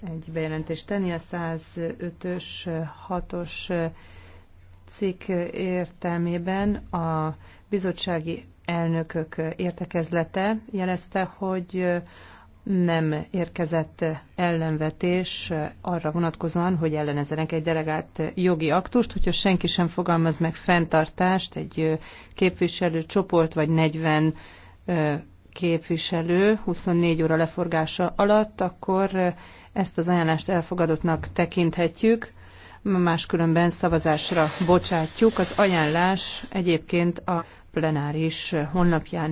egy bejelentést tenni. A 105-ös, 6-os cikk értelmében a bizottsági elnökök értekezlete jelezte, hogy nem érkezett ellenvetés arra vonatkozóan, hogy ellenezenek egy delegált jogi aktust, hogyha senki sem fogalmaz meg fenntartást, egy képviselő csoport vagy 40 képviselő 24 óra leforgása alatt, akkor ezt az ajánlást elfogadottnak tekinthetjük, máskülönben szavazásra bocsátjuk. Az ajánlás egyébként a plenáris honlapján